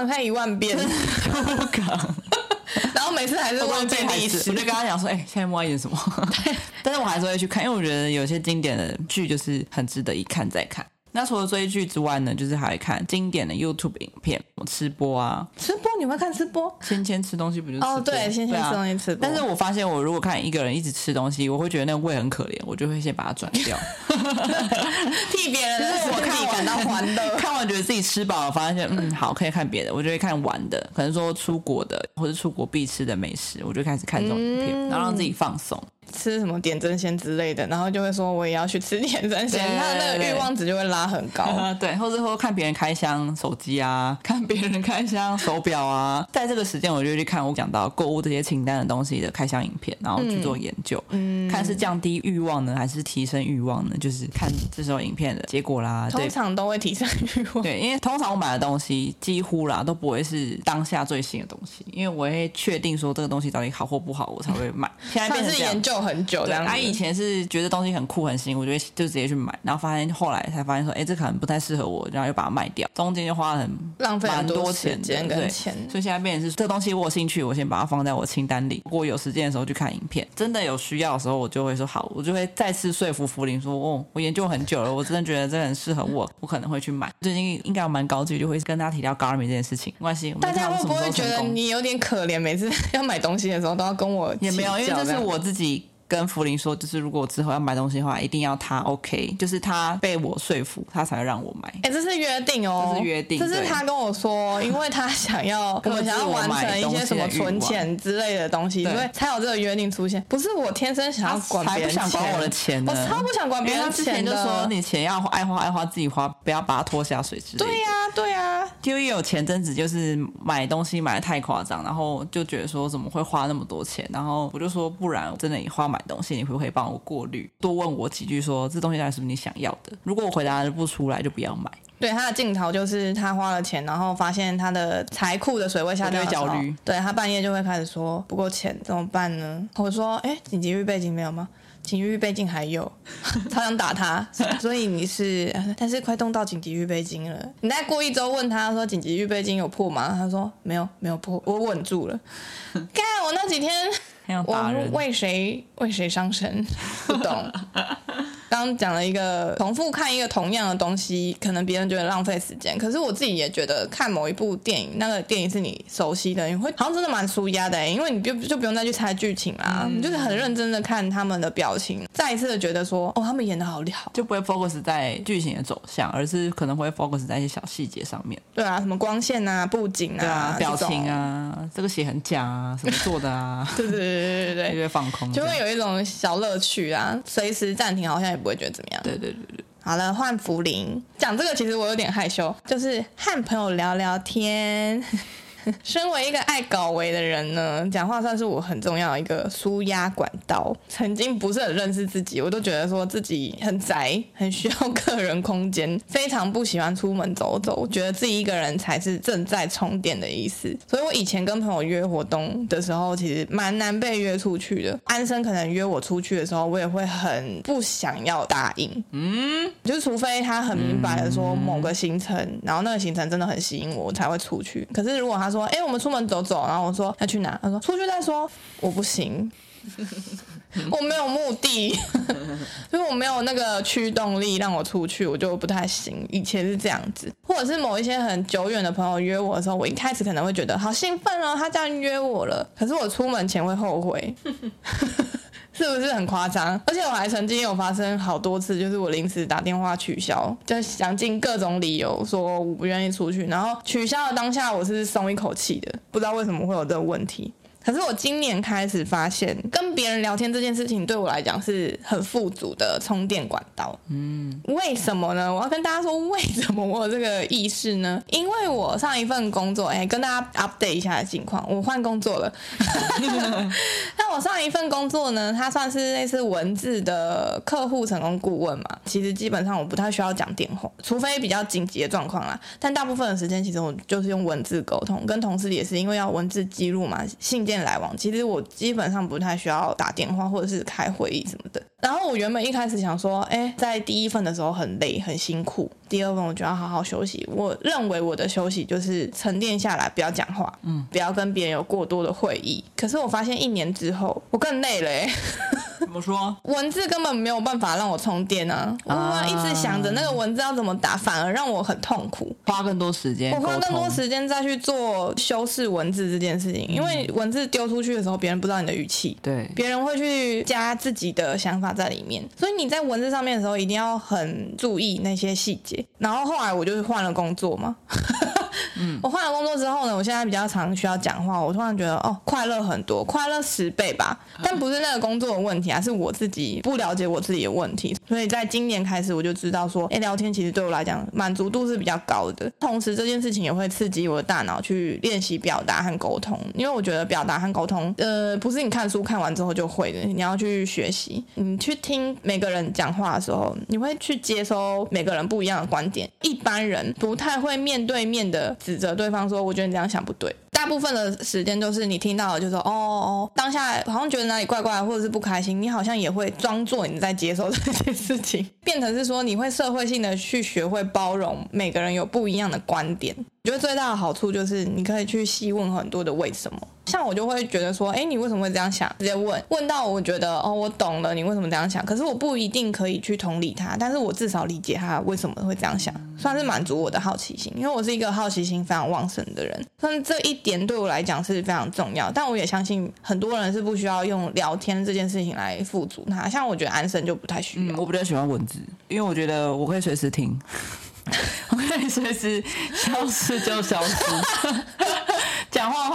看一萬遍，嗯嗯、然後每次還是忘記第一次。我就跟他講說：“哎，現在摸一點什麼？”但是我還是會去看，因為我覺得有些經典的劇就是很值得一看再看。那除了追劇之外呢，就是還看經典的 YouTube 影片，什麼吃播啊，吃播，你有沒有看吃播？芊芊吃東西不就吃播？哦，對，芊芊吃東西吃播，啊。但是我發現，我如果看一個人一直吃東西，我會覺得那個胃很可憐，我就會先把它轉掉。 *laughs* *laughs* 替別人是我看你感到歡樂，看完覺得自己吃飽了，我發現嗯，好可以看別的，我就會看玩的，可能說出國的或者出國必吃的美食，我就開始看這種影片，嗯、然後讓自己放鬆。吃什麼點針鮮之類的，然後就會說我也要去吃點針鮮，對對對對，他的那個欲望值就會拉很高，啊、對，或者說看別人開箱手機啊，看別人開箱手表啊，在這個時間我就去看我講到購物這些清單的東西的開箱影片，然後去做研究，嗯，看是降低欲望呢還是提升欲望呢？就是看這時候影片的結果啦，通常都會提升欲望，對，因為通常我買的東西幾乎啦都不會是當下最新的東西，因為我會確定說這個東西到底好或不好，我才會買，現在變成研究。很久這樣子，他、啊、以前是覺得東西很酷很新，我就會就直接去買，然後發現後來才發現說，哎、欸，這可能不太適合我，然後又把它賣掉。中間就花了很浪費蠻多，多錢，對，對，跟錢所以現在變成是這個、東西我有興趣，我先把它放在我清單裡。如果有時間的時候去看影片，真的有需要的時候，我就會說好，我就會再次說服福林說，哦，我研究很久了，我真的覺得這很適合我，我 *laughs* 可能會去買。最近應該有蠻高級，就會跟他提到 Garmin 這件事情。沒關係，們大家會不會覺得你有點可憐，每次要買東西的時候都要跟我也沒有，因為這是我自己。跟福林說，就是如果我之後要買東西的話，一定要他 OK，就是他被我說服，他才讓我買。哎、欸，這是約定哦，這是約定，這是他跟我說，因為他想要， *laughs* 我想要完成一些什麼存錢之類的東西，所以才有這個約定出現。不是我天生想要管別人，他想管我的錢，錢。我超不想管別人錢的，之前就說，你錢要愛花愛花自己花，不要把它拖下水之類，對、啊。對呀對呀，就有前陣子就是買東西買的太誇張，然後就覺得說怎麼會花那麼多錢，然後我就說不然真的你花買。東西你會不會幫我過濾？多問我幾句說，說這東西是不是你想要的？如果我回答不出來，就不要買。對他的鏡頭就是他花了錢，然後發現他的財庫的水位下降，對，焦慮。對他半夜就會開始說，不夠錢怎麼辦呢？我說：哎，緊急預備金沒有嗎？緊急預備金還有， *laughs* 超想打他。所以你是， *laughs* 但是快動到緊急預備金了。你再過一周問他說緊急預備金有破嗎？他說沒有，沒有破，我穩住了。幹 *laughs* 我那幾天。我為誰為誰傷神，不懂。 *laughs* 剛講了一個重複看一個同樣的東西，可能別人覺得浪費時間，可是我自己也覺得看某一部電影，那個電影是你熟悉的，你會好像真的蠻紓壓的，因為你就就不用再去猜劇情啦、啊，嗯、你就是很認真的看他們的表情，再一次的覺得說哦，他們演得好，就不會 focus 在劇情的走向，而是可能會 focus 在一些小細節上面。對啊，什麼光線啊，布景啊，啊表情啊，種這個戲很假，啊，什麼做的啊， *laughs* 對對對對對,對會放空就會有一種小樂趣啊，隨時暫停，好像也。不會覺得怎麼樣。對對對對，好了，換福林。講這個其實我有點害羞，就是和朋友聊聊天。 *laughs* 身為一個愛搞維的人呢，講話算是我很重要的一個舒壓管道。曾經不是很認識自己，我都覺得說自己很宅，很需要個人空間，非常不喜歡出門走走。我覺得自己一個人才是正在充電的意思。所以我以前跟朋友約活動的時候，其實蠻難被約出去的。安生可能約我出去的時候，我也會很不想要答應。嗯，就是除非他很明白的說某個行程，然後那個行程真的很吸引我，我才會出去。可是如果他。說哎、欸，我們出門走走。然後我說，要去哪兒？他說出去再說。我不行， *laughs* 我沒有目的，因 *laughs* 為我沒有那個驅動力讓我出去，我就不太行。以前是這樣子， *laughs* 或者是某一些很久遠的朋友約我的時候，我一開始可能會覺得好興奮哦，他這樣約我了。 *laughs* 可是我出門前會後悔。 *laughs* 是不是很誇張？而且我還曾經有發生好多次，就是我臨時打電話取消，就想盡各種理由，說我不願意出去。然後取消的當下，我是鬆一口氣的，不知道為什麼會有這個問題。可是我今年開始發現，跟別人聊天這件事情對我來講是很富足的充電管道。嗯，為什麼呢？我要跟大家說，為什麼我有這個意識呢？因為我上一份工作，哎、欸，跟大家 update 一下的情況，我換工作了。那 *laughs* *laughs* *laughs* 我上一份工作呢，它算是類似文字的客戶成功顧問嘛。其實基本上我不太需要講電話，除非比較緊急的狀況啦。但大部分的時間，其實我就是用文字溝通，跟同事也是因為要文字記錄嘛，信件。來往，其實我基本上不太需要打電話或者是開會議什麼的。然後我原本一開始想說，欸，在第一份的時候很累很辛苦，第二份我就要好好休息。我認為我的休息就是沉澱下來，不要講話，嗯，不要跟別人有過多的會議。可是我發現一年之後，我更累了欸。 *laughs* 怎麼說？文字根本沒有辦法讓我充電啊！我一直想着那個文字要怎麼打，反而讓我很痛苦，花更多時間。我花更多時間再去做修飾文字這件事情，因為文字丟出去的時候，別人不知道你的語氣，對，別人會去加自己的想法在裡面，所以你在文字上面的時候一定要很注意那些細節。然後後來我就是換了工作嘛。嗯，我換了工作之後呢，我現在比較常需要講話，我突然覺得哦，快樂很多，快樂十倍吧。但不是那個工作的問題啊，是我自己不了解我自己的問題。所以在今年開始，我就知道說，欸，聊天其實對我來講滿足度是比較高的。同時，這件事情也會刺激我的大腦去練習表達和溝通，因為我覺得表達和溝通，呃，不是你看書看完之後就會的，你要去學習。你去聽每個人講話的時候，你會去接收每個人不一樣的觀點。一般人不太會面對面的，指責對方說：“我覺得你這樣想不對。”大部分的時間都是你聽到的就，就說哦哦，當下好像覺得哪裡怪怪，或者是不開心，你好像也會裝作你在接受這件事情，變成是說你會社會性的去學會包容每個人有不一樣的觀點。我覺得最大的好處就是你可以去細問很多的為什麼，像我就會覺得說，哎、欸，你為什麼會這樣想？直接問問到我覺得哦，我懂了，你為什麼這樣想？可是我不一定可以去同理他，但是我至少理解他為什麼會這樣想，算是滿足我的好奇心，因為我是一個好奇心非常旺盛的人。但是這一。點對我來講是非常重要，但我也相信很多人是不需要用聊天這件事情來付足他，像我覺得安生就不太需要、嗯，我比較喜歡文字，因為我覺得我可以隨時聽， *laughs* 我可以隨時消失就消失。 *laughs* *laughs*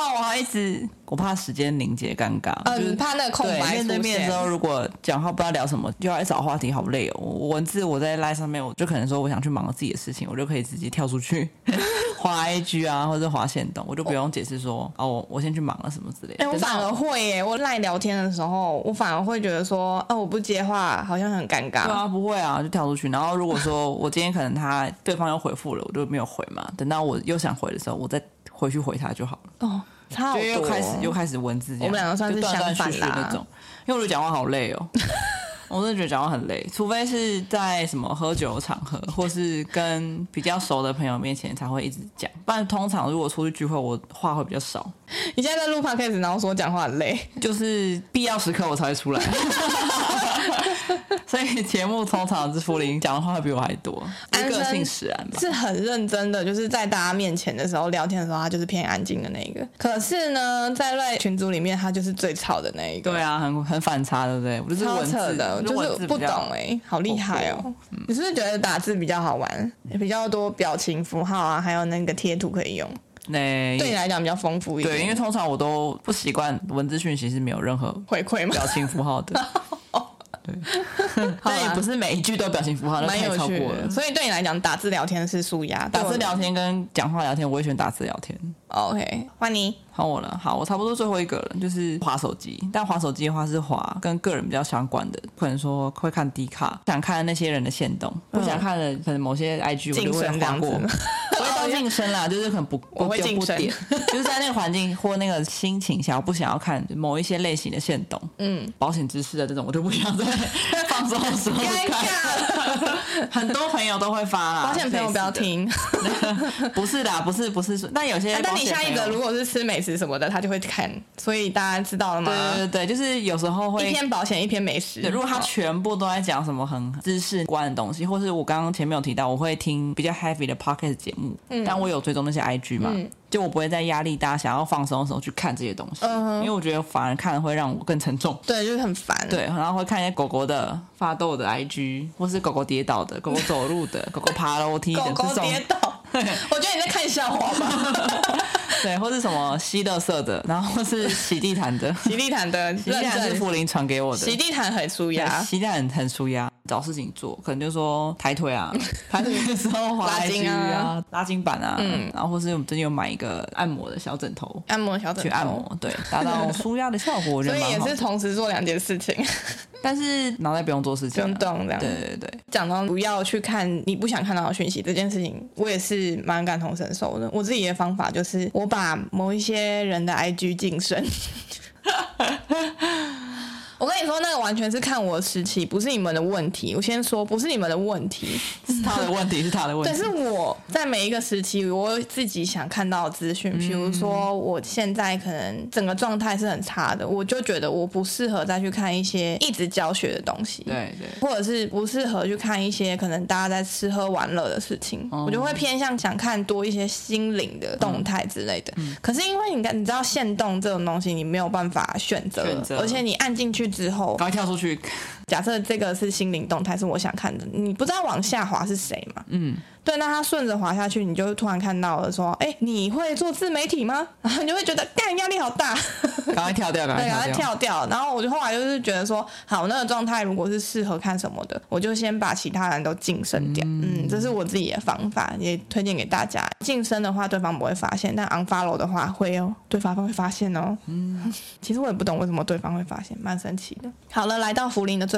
我好意思，我怕時間凝結，尷尬。嗯，就是、嗯，怕那個空白。面對面的時候，如果講話不知道聊什麼，又要找話題，好累哦。我文字我在賴上面，我就可能說我想去忙自己的事情，我就可以直接跳出去，劃一 g 啊，或者劃線動，我就不用解釋說哦，哦，我先去忙了什麼之類的、欸。我反而會耶，是我賴聊天的時候，我反而會覺得說，哦、呃，我不接話好像很尷尬。對啊，不會啊，就跳出去。然後如果說 *laughs* 我今天可能他對方又回復了，我就沒有回嘛。等到我又想回的時候，我再。回去回他就好了。哦，差好多。又開始、哦、又開始文字這樣。我們兩個算是相反斷斷續續的那種，因為我講話好累哦。 *laughs* 我真的覺得講話很累，除非是在什麼喝酒場合，或是跟比較熟的朋友面前才會一直講。不然通常如果出去聚會，我話會比較少。你現在在錄 podcast，然後說講話很累，就是必要時刻我才會出來。 *laughs* *laughs* *laughs* 所以節目通常是福林講的 *laughs* 話會比我還多，是個性使然，是很認真的。就是在大家面前的時候，聊天的時候，他就是偏安靜的那一個。可是呢，在賴群組裡面，他就是最吵的那一個。對啊，很很反差，對不對？超扯的，就是不懂哎、欸，好厲害哦、喔！Okay, 嗯、你是不是覺得打字比較好玩，也比較多表情符號啊，還有那個貼圖可以用？那對你來講比較豐富一點。對，因為通常我都不習慣文字訊息是沒有任何回饋、表情符號的。 *laughs* 對， *laughs* 但也不是每一句都有表情符號，那 *laughs* 太超過了。所以對你來講，打字聊天是紓壓，對打字聊天跟講話聊天，我也喜歡打字聊天。Oh, OK，換你，換我了。好，我差不多最後一個了，就是滑手機。但滑手機的話是滑跟個人比較相關的，可能說會看 Dcard，想看那些人的限動，不、嗯、想看的可能某些 IG 我都會看過。我都靜音啦，就是可能不，不我會靜音，就是在那個環境或那個心情下，我不想要看某一些類型的限動。嗯，保險知識的這種我都不想。對，放鬆、舒展。 *music* 很多朋友都會發啦、啊，保險朋友不要聽。 *laughs* 不是的，不是，不是。 *laughs* 但有些、啊，但你下一個，如果是吃美食什麼的，他就會看，所以大家知道了嗎？啊、對，對，對，就是有時候會一篇保險，一篇美食對。如果他全部都在講什麼很知識觀的東西，或是我剛剛前面有提到，我會聽比較 heavy 的 podcast 節目，嗯、但我有追蹤那些 IG 嘛？嗯就我不會在壓力大、想要放鬆的時候去看這些東西，uh huh. 因為我覺得反而看了會讓我更沉重。對，就是很煩。對，然後會看一些狗狗的發抖的 IG，或是狗狗跌倒的、狗狗走路的、 *laughs* 狗狗爬樓梯的這種。狗狗跌倒對我覺得你在看笑話嗎 *laughs* 對，或是什麼西樂色的，然後或是洗地毯的， *laughs* 洗地毯的。這是福林傳給我的。洗地毯很舒壓，洗地毯很舒壓，找事情做，可能就是說抬腿啊，抬腿的時候滑筋啊、拉筋啊，拉筋板啊，嗯，然後或是我們最近有買一個按摩的小枕頭，按摩小枕頭去按摩，對，達到舒壓的效果。 *laughs* 所以也是同時做兩件事情， *laughs* 但是腦袋不用做事情、啊，不用動這樣。對,對對對，講到不要去看你不想看到的訊息這件事情，我也是。是蠻感同身受的。我自己的方法就是，我把某一些人的 IG 禁聲哈哈。我跟你說，那個完全是看我的時期，不是你們的問題。我先說，不是你們的問題， *laughs* 是他的問題，是他的問題。但是我在每一個時期，我自己想看到的資訊。比如說，我現在可能整個狀態是很差的，我就覺得我不適合再去看一些一直教學的東西，對對，或者是不適合去看一些可能大家在吃喝玩樂的事情，嗯、我就會偏向想看多一些心靈的動態之類的。嗯、可是因為你看，你知道限動這種東西，你沒有辦法選擇，選擇了，而且你按進去。之後，趕快跳出去。假設這個是心靈動態，是我想看的，你不知道往下滑是誰嘛？嗯，對，那他順着滑下去，你就突然看到了，說，哎、欸，你會做自媒體嗎？你就會覺得，幹，壓力好大，趕快跳掉了，對，趕快跳掉。跳掉跳掉，然後我就後來就是覺得說，好，那個狀態如果是適合看什麼的，我就先把其他人都晉升掉。嗯，嗯，這是我自己的方法，也推薦給大家。晉升的話，對方不會發現，但昂 n f o l l o w 的話會哦、喔，對方會發現哦、喔。嗯，其實我也不懂為什麼對方會發現，蠻神奇的。好了，來到福林的最。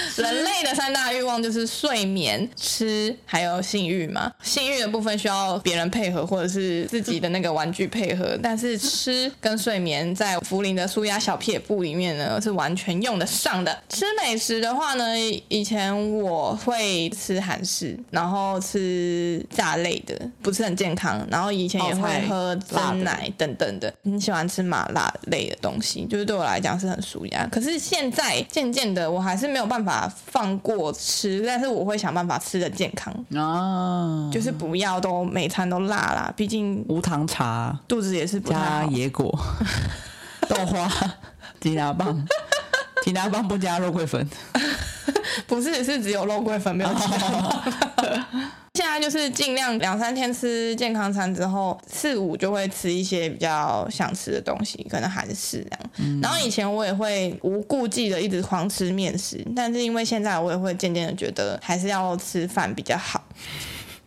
人類的三大慾望就是睡眠、吃還有性欲嘛。性欲的部分需要別人配合，或者是自己的那個玩具配合。但是吃跟睡眠在福林的舒壓小撇步裡面呢，是完全用得上的。吃美食的話呢，以前我會吃韓式，然後吃炸類的，不是很健康。然後以前也會喝酸奶等等、哦、等等的。很喜歡吃麻辣類的東西，就是對我來講是很舒壓。可是現在漸漸的，我還是沒有辦法放過吃，但是我會想辦法吃得健康，oh. 就是不要都每餐都辣啦，畢竟無糖茶，肚子也是不好加野果， *laughs* 豆花、雞雜 *laughs* 棒。 *laughs* 其他幫不加肉桂粉， *laughs* 不是，是只有肉桂粉沒有加。 *laughs* *laughs* 現在就是盡量兩三天吃健康餐之後，四五就會吃一些比較想吃的東西，可能韓式這樣。嗯、然後以前我也會無顧忌的一直狂吃麵食，但是因為現在我也會漸漸的覺得還是要吃飯比較好。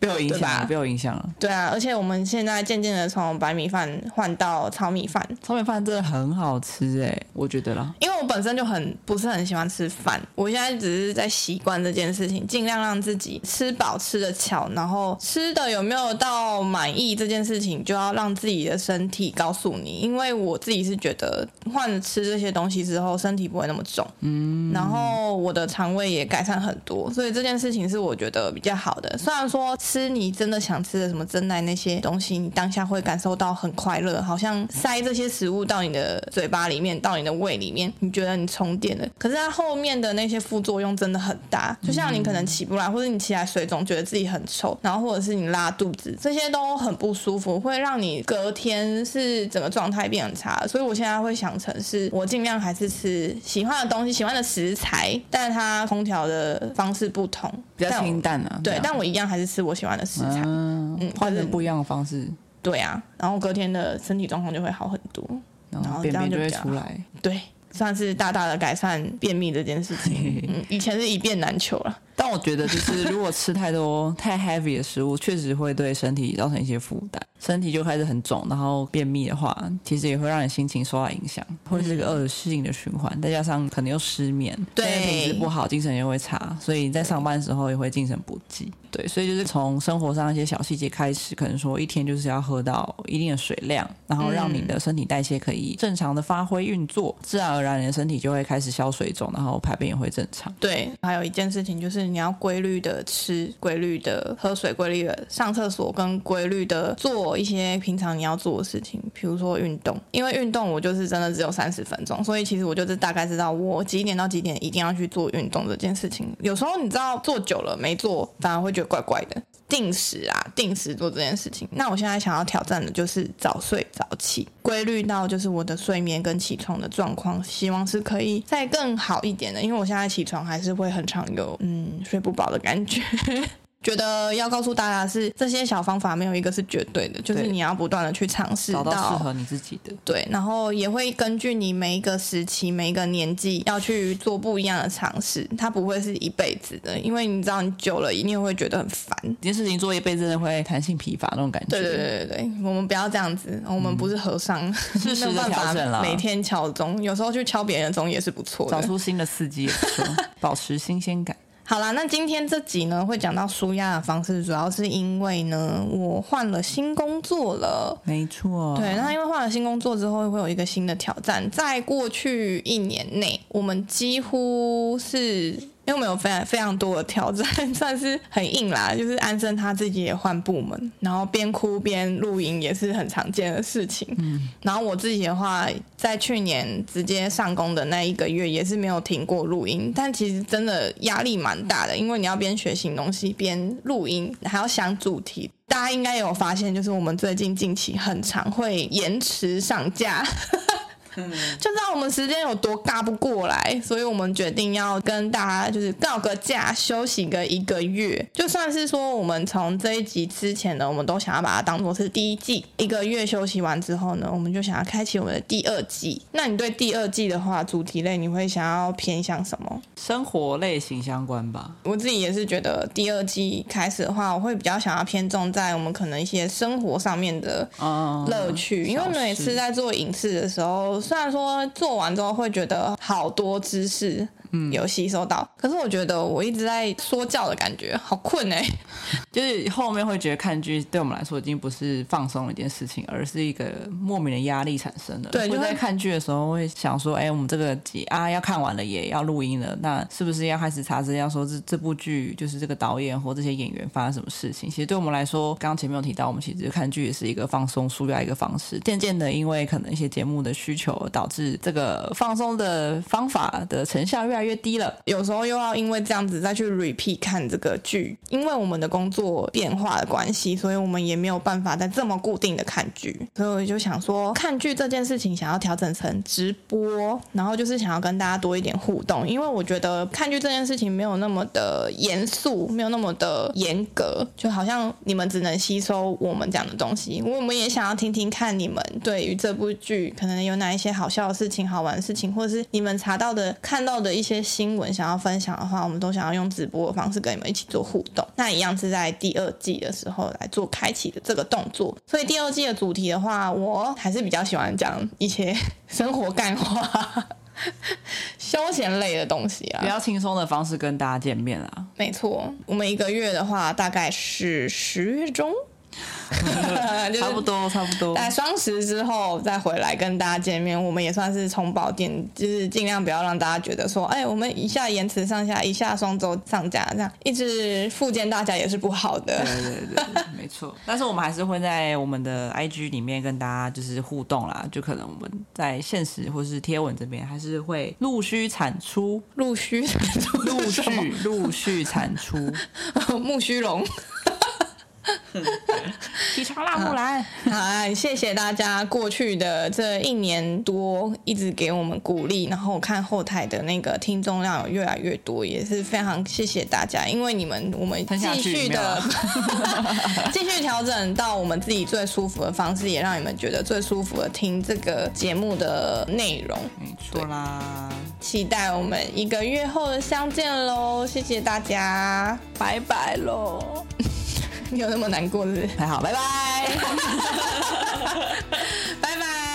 沒有影響了，對吧？沒有影響了。對啊，而且我們現在漸漸的從白米飯換到糙米飯，糙米飯真的很好吃哎、欸，我覺得啦，因為我本身就很不是很喜歡吃飯，我現在只是在習慣這件事情，盡量讓自己吃飽吃得巧，然後吃的有沒有到滿意這件事情，就要讓自己的身體告訴你。因為我自己是覺得換吃這些東西之後，身體不會那麼重，嗯，然後我的腸胃也改善很多，所以這件事情是我覺得比較好的。雖然說。吃你真的想吃的什麼珍奶那些東西，你當下會感受到很快樂，好像塞這些食物到你的嘴巴裡面，到你的胃裡面，你覺得你充電了。可是它後面的那些副作用真的很大，就像你可能起不來，或者你起來水腫，覺得自己很臭，然後或者是你拉肚子，這些都很不舒服，會讓你隔天是整個狀態變很差。所以我現在會想成是我盡量還是吃喜歡的東西，喜歡的食材，但是它烹調的方式不同，比較清淡啊。對，但我一樣還是吃我。喜歡的食材，換成、嗯、是不一樣的方式，對啊，然後隔天的身體狀況就會好很多，然後便秘就，就會出來，對，算是大大的改善便秘這件事情， *laughs* 嗯、以前是一便難求了。但我覺得，就是如果吃太多太 heavy 的食物， *laughs* 確實會對身體造成一些負擔，身體就開始很腫，然後便秘的話，其實也會讓你心情受到影響，會是一個惡性的循環，再加上可能又失眠，對，品質不好，精神也會差，所以在上班時候也會精神不濟，對，對，所以就是從生活上一些小細節開始，可能說一天就是要喝到一定的水量，然後讓你的身體代謝可以正常的發揮運作，嗯、自然而然你的身體就會開始消水腫，然後排便也會正常，對，還有一件事情就是。你要規律的吃，規律的喝水，規律的上廁所，跟規律的做一些平常你要做的事情，譬如說運動。因為運動，我就是真的只有三十分鐘，所以其實我就是大概知道我幾點到幾點一定要去做運動這件事情。有時候你知道做久了沒做，反而會覺得怪怪的。定時啊，定時做這件事情。那我現在想要挑戰的就是早睡早起。規律到就是我的睡眠跟起床的狀況，希望是可以再更好一點的，因為我現在起床還是會很常有，嗯，睡不飽的感覺。覺得要告訴大家是這些小方法沒有一個是絕對的，對，就是你要不斷的去嘗試，找到適合你自己的。對，然後也會根據你每一個時期、每一個年紀要去做不一樣的嘗試，它不會是一輩子的，因為你知道你久了一定會覺得很煩，這件事情做一輩子的會彈性疲乏的那種感覺。對對對對，我們不要這樣子，我們不是和尚，嗯、 *laughs* 實時調整了，每天敲鐘，有時候去敲別人的鐘也是不錯的，找出新的刺激也不錯， *laughs* 保持新鮮感。好啦，那今天這集呢，會講到舒壓的方式，主要是因為呢，我換了新工作了，沒錯，對，那因為換了新工作之後會有一個新的挑戰，在過去一年內，我們幾乎是。因為我們有非常非常多的挑戰，算是很硬啦。就是安森他自己也換部門，然後邊哭邊錄音也是很常見的事情。嗯。然後我自己的話，在去年直接上工的那一個月，也是沒有停過錄音。但其實真的壓力蠻大的，因為你要邊學習東西邊錄音，還要想主題。大家應該有發現，就是我們最近近期很常會延遲上架。 *laughs* 就知道我們時間有多趕，不過來，所以我們決定要跟大家就是告個假，休息個一個月。就算是說我們從這一集之前呢，我們都想要把它當做是第一季。一個月休息完之後呢，我們就想要開啟我們的第二季。那你對第二季的話，主題類你會想要偏向什麼？生活類型相關吧。我自己也是覺得，第二季開始的話，我會比較想要偏重在我們可能一些生活上面的樂趣，嗯，因為每次在做影視的時候。雖然說做完之後會覺得好多知識。嗯，有吸收到，可是我覺得我一直在說教的感覺，好困哎、欸！就是後面會覺得看劇對我們來說已經不是放鬆的一件事情，而是一個莫名的壓力產生了。對，就在看劇的時候會想說，哎、欸，我們這個集啊要看完了，也要錄音了，那是不是要開始查資料說這這部劇就是這個導演或這些演員發生什麼事情？其實對我們來說，剛剛前面有提到，我們其實看劇也是一個放鬆、紓壓一個方式。漸漸的，因為可能一些節目的需求，導致這個放鬆的方法的成效越來越。越低了，有時候又要因為這樣子再去 repeat 看這個劇，因為我們的工作變化的關係，所以我們也沒有辦法再這麼固定的看劇，所以我就想說，看劇這件事情想要調整成直播，然後就是想要跟大家多一點互動，因為我覺得看劇這件事情沒有那麼的嚴肅，沒有那麼的嚴格，就好像你們只能吸收我們講的東西，我我們也想要聽聽看你們對於這部劇可能有哪一些好笑的事情、好玩的事情，或者是你們查到的、看到的一些。一些新聞想要分享的話，我們都想要用直播的方式跟你們一起做互動。那一樣是在第二季的時候來做開啟的這個動作。所以第二季的主題的話，我還是比較喜歡講一些生活幹話、休閒類的東西啊，比較輕鬆的方式跟大家見面啊。沒錯，我們一個月的話大概是十月中。 *laughs* 就是、差不多，差不多。在雙十之後再回來跟大家見面，我們也算是從保店，就是盡量不要讓大家覺得說，哎、欸，我們一下延遲上下，一下雙週上架，這樣一直附件大家也是不好的。對對對，沒錯。 *laughs* 但是我們還是會在我們的 IG 裡面跟大家就是互動啦，就可能我們在限時或是貼文這邊還是會陸續產出，陸續，續，續產出，陸續陸續產出木須龍。 *laughs* 起床啦、啊，木來好，謝謝大家過去的這一年多一直給我們鼓勵，然後我看後台的那個聽眾量越來越多，也是非常謝謝大家。因為你們，我們繼續的、啊、 *laughs* 繼續調整到我們自己最舒服的方式，也讓你們覺得最舒服的聽這個節目的內容。沒錯啦，期待我們一個月後的相見嘍！謝謝大家，拜拜嘍！沒有那麼難過，是不是？還好，拜拜，拜拜。 *laughs*